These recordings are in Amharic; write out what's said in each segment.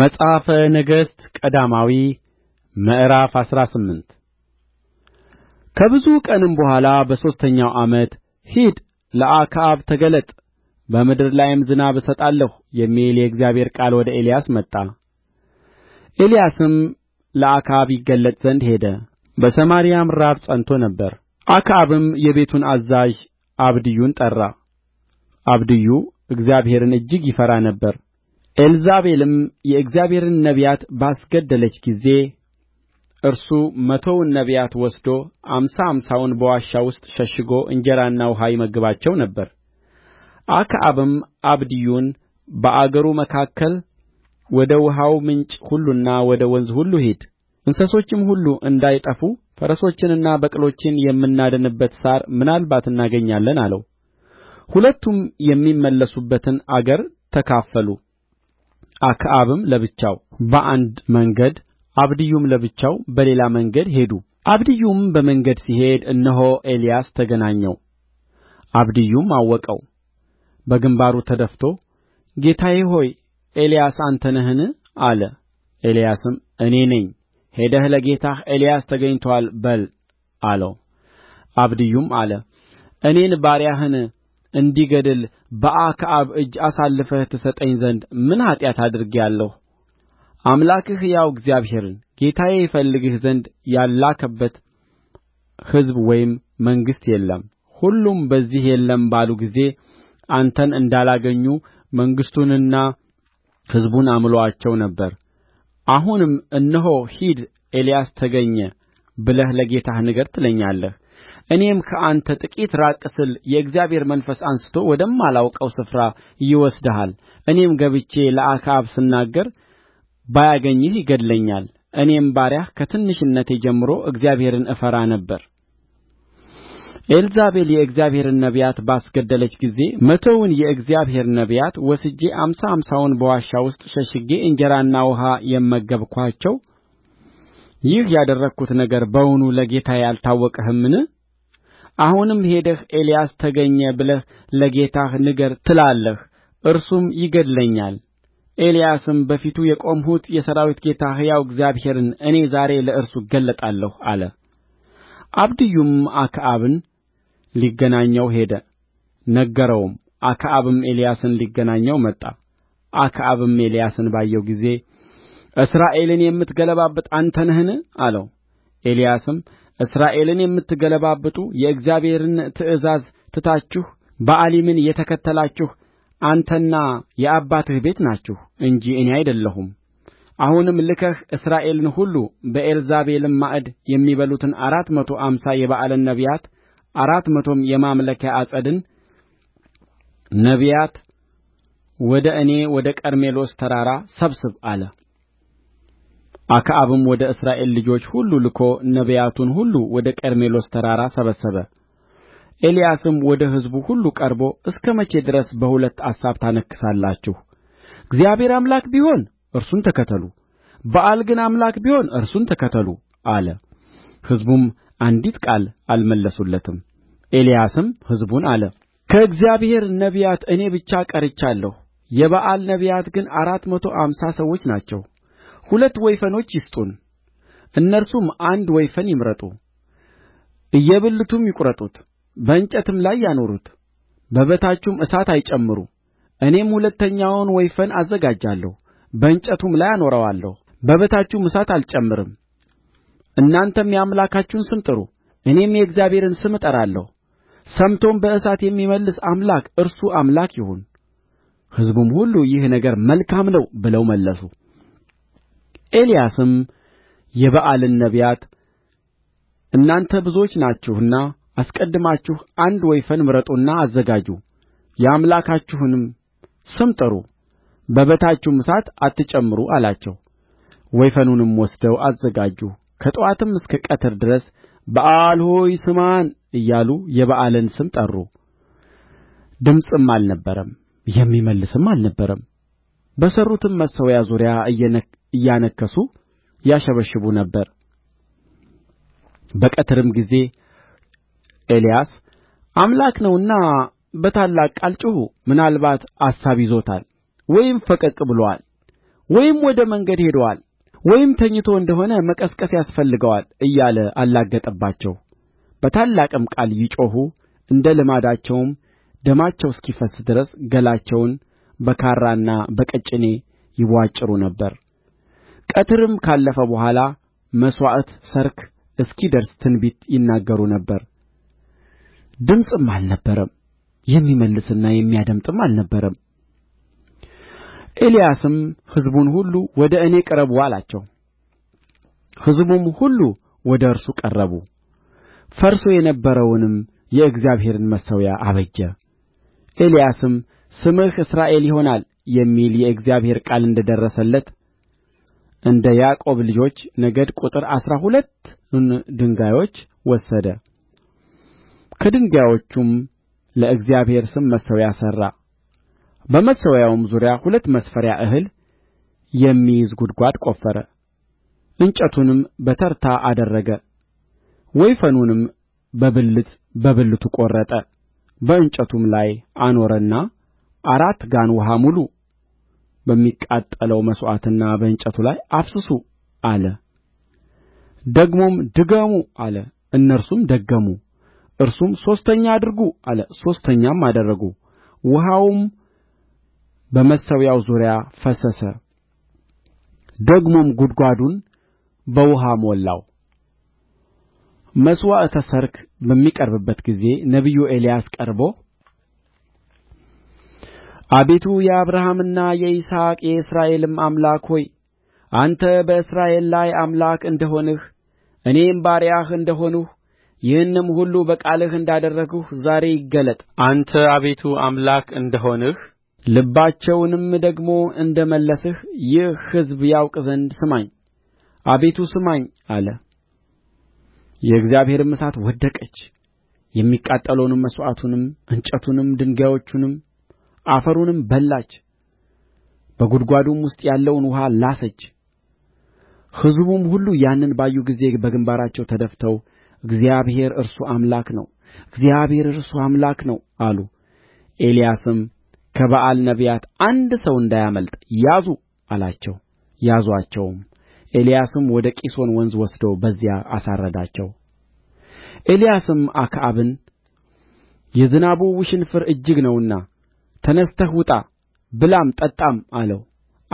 መጽሐፈ ነገሥት ቀዳማዊ ምዕራፍ አስራ ስምንት ከብዙ ቀንም በኋላ በሦስተኛው ዓመት ሂድ ለአክዓብ ተገለጥ በምድር ላይም ዝናብ እሰጣለሁ የሚል የእግዚአብሔር ቃል ወደ ኤልያስ መጣ። ኤልያስም ለአክዓብ ይገለጥ ዘንድ ሄደ፣ በሰማርያም ራብ ጸንቶ ነበር። አክዓብም የቤቱን አዛዥ አብድዩን ጠራ። አብድዩ እግዚአብሔርን እጅግ ይፈራ ነበር፣ ኤልዛቤልም የእግዚአብሔርን ነቢያት ባስገደለች ጊዜ እርሱ መቶውን ነቢያት ወስዶ አምሳ አምሳውን በዋሻ ውስጥ ሸሽጎ እንጀራና ውኃ ይመግባቸው ነበር። አክዓብም አብድዩን በአገሩ መካከል ወደ ውኃው ምንጭ ሁሉና ወደ ወንዝ ሁሉ ሂድ፣ እንስሶችም ሁሉ እንዳይጠፉ ፈረሶችንና በቅሎችን የምናድንበት ሣር ምናልባት እናገኛለን አለው። ሁለቱም የሚመለሱበትን አገር ተካፈሉ። አክዓብም ለብቻው በአንድ መንገድ አብድዩም ለብቻው በሌላ መንገድ ሄዱ አብድዩም በመንገድ ሲሄድ እነሆ ኤልያስ ተገናኘው አብድዩም አወቀው በግምባሩ ተደፍቶ ጌታዬ ሆይ ኤልያስ አንተ ነህን አለ ኤልያስም እኔ ነኝ ሄደህ ለጌታህ ኤልያስ ተገኝቶአል በል አለው አብድዩም አለ እኔን ባሪያህን እንዲገድል በአክዓብ እጅ አሳልፈህ ትሰጠኝ ዘንድ ምን ኃጢአት አድርጌአለሁ አምላክህ ሕያው እግዚአብሔርን ጌታዬ ይፈልግህ ዘንድ ያልላከበት ሕዝብ ወይም መንግሥት የለም ሁሉም በዚህ የለም ባሉ ጊዜ አንተን እንዳላገኙ መንግሥቱንና ሕዝቡን አምሎአቸው ነበር አሁንም እነሆ ሂድ ኤልያስ ተገኘ ብለህ ለጌታህ ንገር ትለኛለህ እኔም ከአንተ ጥቂት ራቅ ስል የእግዚአብሔር መንፈስ አንሥቶ ወደማላውቀው ስፍራ ይወስድሃል እኔም ገብቼ ለአክዓብ ስናገር ባያገኝህ ይገድለኛል እኔም ባሪያህ ከትንሽነቴ ጀምሮ እግዚአብሔርን እፈራ ነበር ኤልዛቤል የእግዚአብሔርን ነቢያት ባስገደለች ጊዜ መቶውን የእግዚአብሔር ነቢያት ወስጄ አምሳ አምሳውን በዋሻ ውስጥ ሸሽጌ እንጀራና ውኃ የመገብኋቸው ይህ ያደረግሁት ነገር በውኑ ለጌታዬ አልታወቀህምን አሁንም ሄደህ ኤልያስ ተገኘ ብለህ ለጌታህ ንገር ትላለህ እርሱም ይገድለኛል ኤልያስም በፊቱ የቆምሁት የሠራዊት ጌታ ሕያው እግዚአብሔርን እኔ ዛሬ ለእርሱ እገለጣለሁ አለ አብድዩም አክዓብን ሊገናኘው ሄደ ነገረውም አክዓብም ኤልያስን ሊገናኘው መጣ አክዓብም ኤልያስን ባየው ጊዜ እስራኤልን የምትገለባብጥ አንተ ነህን አለው ኤልያስም እስራኤልን የምትገለባብጡ የእግዚአብሔርን ትእዛዝ ትታችሁ በኣሊምን የተከተላችሁ አንተና የአባትህ ቤት ናችሁ እንጂ እኔ አይደለሁም አሁንም ልከህ እስራኤልን ሁሉ በኤልዛቤልም ማዕድ የሚበሉትን አራት መቶ አምሳ የበኣልን ነቢያት አራት መቶም የማምለኪያ ዐፀድን ነቢያት ወደ እኔ ወደ ቀርሜሎስ ተራራ ሰብስብ አለ አክዓብም ወደ እስራኤል ልጆች ሁሉ ልኮ ነቢያቱን ሁሉ ወደ ቀርሜሎስ ተራራ ሰበሰበ ኤልያስም ወደ ሕዝቡ ሁሉ ቀርቦ እስከ መቼ ድረስ በሁለት አሳብ ታነክሳላችሁ እግዚአብሔር አምላክ ቢሆን እርሱን ተከተሉ በኣል ግን አምላክ ቢሆን እርሱን ተከተሉ አለ ሕዝቡም አንዲት ቃል አልመለሱለትም ኤልያስም ሕዝቡን አለ ከእግዚአብሔር ነቢያት እኔ ብቻ ቀርቻለሁ የበኣል ነቢያት ግን አራት መቶ አምሳ ሰዎች ናቸው ሁለት ወይፈኖች ይስጡን እነርሱም አንድ ወይፈን ይምረጡ እየብልቱም ይቍረጡት በእንጨትም ላይ ያኖሩት በበታቹም እሳት አይጨምሩ እኔም ሁለተኛውን ወይፈን አዘጋጃለሁ በእንጨቱም ላይ አኖረዋለሁ በበታቹም እሳት አልጨምርም እናንተም የአምላካችሁን ስም ጥሩ እኔም የእግዚአብሔርን ስም እጠራለሁ ሰምቶም በእሳት የሚመልስ አምላክ እርሱ አምላክ ይሁን ሕዝቡም ሁሉ ይህ ነገር መልካም ነው ብለው መለሱ ኤልያስም የበኣልን ነቢያት እናንተ ብዙዎች ናችሁና አስቀድማችሁ አንድ ወይፈን ምረጡና አዘጋጁ የአምላካችሁንም ስም ጥሩ በበታችሁም እሳት አትጨምሩ አላቸው። ወይፈኑንም ወስደው አዘጋጁ። ከጠዋትም እስከ ቀትር ድረስ በኣል ሆይ ስማን እያሉ የበኣልን ስም ጠሩ። ድምፅም አልነበረም፣ የሚመልስም አልነበረም። በሠሩትም መሠዊያ ዙሪያ እያነከሱ ያሸበሽቡ ነበር በቀትርም ጊዜ ኤልያስ አምላክ ነውና በታላቅ ቃል ጩኹ ምናልባት አሳብ ይዞታል ወይም ፈቀቅ ብሎአል ወይም ወደ መንገድ ሄዶአል ወይም ተኝቶ እንደሆነ መቀስቀስ ያስፈልገዋል እያለ አላገጠባቸው በታላቅም ቃል ይጮኹ እንደ ልማዳቸውም ደማቸው እስኪፈስስ ድረስ ገላቸውን በካራና በቀጭኔ ይብዋጭሩ ነበር ቀትርም ካለፈ በኋላ መሥዋዕት ሠርክ እስኪደርስ ትንቢት ይናገሩ ነበር ድምፅም አልነበረም የሚመልስና የሚያደምጥም አልነበረም ኤልያስም ሕዝቡን ሁሉ ወደ እኔ ቅረቡ አላቸው ሕዝቡም ሁሉ ወደ እርሱ ቀረቡ ፈርሶ የነበረውንም የእግዚአብሔርን መሠዊያ አበጀ ኤልያስም ስምህ እስራኤል ይሆናል የሚል የእግዚአብሔር ቃል እንደ ደረሰለት እንደ ያዕቆብ ልጆች ነገድ ቍጥር አሥራ ሁለቱን ድንጋዮች ወሰደ ከድንጋዮቹም ለእግዚአብሔር ስም መሠዊያ ሠራ በመሠዊያውም ዙሪያ ሁለት መስፈሪያ እህል የሚይዝ ጕድጓድ ቈፈረ እንጨቱንም በተርታ አደረገ ወይፈኑንም በብልት በብልቱ ቈረጠ በእንጨቱም ላይ አኖረና አራት ጋን ውኃ ሙሉ በሚቃጠለው መሥዋዕትና በእንጨቱ ላይ አፍስሱ አለ ደግሞም ድገሙ አለ እነርሱም ደገሙ እርሱም ሦስተኛ አድርጉ አለ ሦስተኛም አደረጉ ውኃውም በመሠዊያው ዙሪያ ፈሰሰ ደግሞም ጕድጓዱን በውኃ ሞላው መሥዋዕተ ሠርክ በሚቀርብበት ጊዜ ነቢዩ ኤልያስ ቀርቦ አቤቱ የአብርሃምና የይስሐቅ የእስራኤልም አምላክ ሆይ አንተ በእስራኤል ላይ አምላክ እንደ ሆንህ እኔም ባሪያህ እንደ ሆንሁ ይህንም ሁሉ በቃልህ እንዳደረግሁ ዛሬ ይገለጥ አንተ አቤቱ አምላክ እንደ ሆንህ ልባቸውንም ደግሞ እንደ መለስህ ይህ ሕዝብ ያውቅ ዘንድ ስማኝ አቤቱ ስማኝ አለ። የእግዚአብሔርም እሳት ወደቀች፣ የሚቃጠለውንም መሥዋዕቱንም እንጨቱንም ድንጋዮቹንም አፈሩንም በላች በጕድጓዱም ውስጥ ያለውን ውኃ ላሰች ሕዝቡም ሁሉ ያንን ባዩ ጊዜ በግምባራቸው ተደፍተው እግዚአብሔር እርሱ አምላክ ነው እግዚአብሔር እርሱ አምላክ ነው አሉ ኤልያስም ከበኣል ነቢያት አንድ ሰው እንዳያመልጥ ያዙ አላቸው ያዙአቸውም ኤልያስም ወደ ቂሶን ወንዝ ወስዶ በዚያ አሳረዳቸው ኤልያስም አክዓብን የዝናቡ ውሽንፍር እጅግ ነውና ተነሥተህ ውጣ ብላም ጠጣም አለው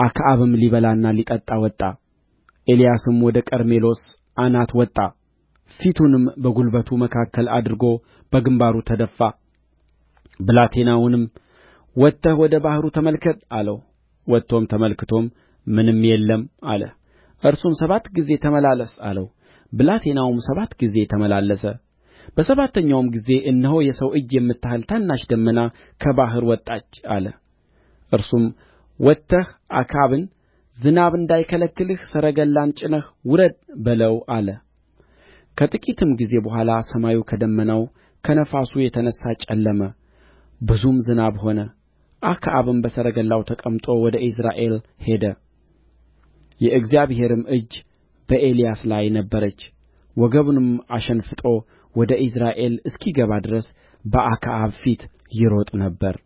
አክዓብም ሊበላና ሊጠጣ ወጣ ኤልያስም ወደ ቀርሜሎስ አናት ወጣ ፊቱንም በጕልበቱ መካከል አድርጎ በግምባሩ ተደፋ ብላቴናውንም ወጥተህ ወደ ባሕሩ ተመልከት አለው ወጥቶም ተመልክቶም ምንም የለም አለ እርሱም ሰባት ጊዜ ተመላለስ አለው ብላቴናውም ሰባት ጊዜ ተመላለሰ በሰባተኛውም ጊዜ እነሆ የሰው እጅ የምታህል ታናሽ ደመና ከባሕር ወጣች አለ እርሱም ወጥተህ አክዓብን ዝናብ እንዳይከለክልህ ሰረገላን ጭነህ ውረድ በለው አለ ከጥቂትም ጊዜ በኋላ ሰማዩ ከደመናው ከነፋሱ የተነሣ ጨለመ ብዙም ዝናብ ሆነ አክዓብም በሰረገላው ተቀምጦ ወደ ኢይዝራኤል ሄደ የእግዚአብሔርም እጅ በኤልያስ ላይ ነበረች ወገቡንም አሸንፍጦ ወደ ኢይዝራኤል እስኪገባ ድረስ በአክዓብ ፊት ይሮጥ ነበር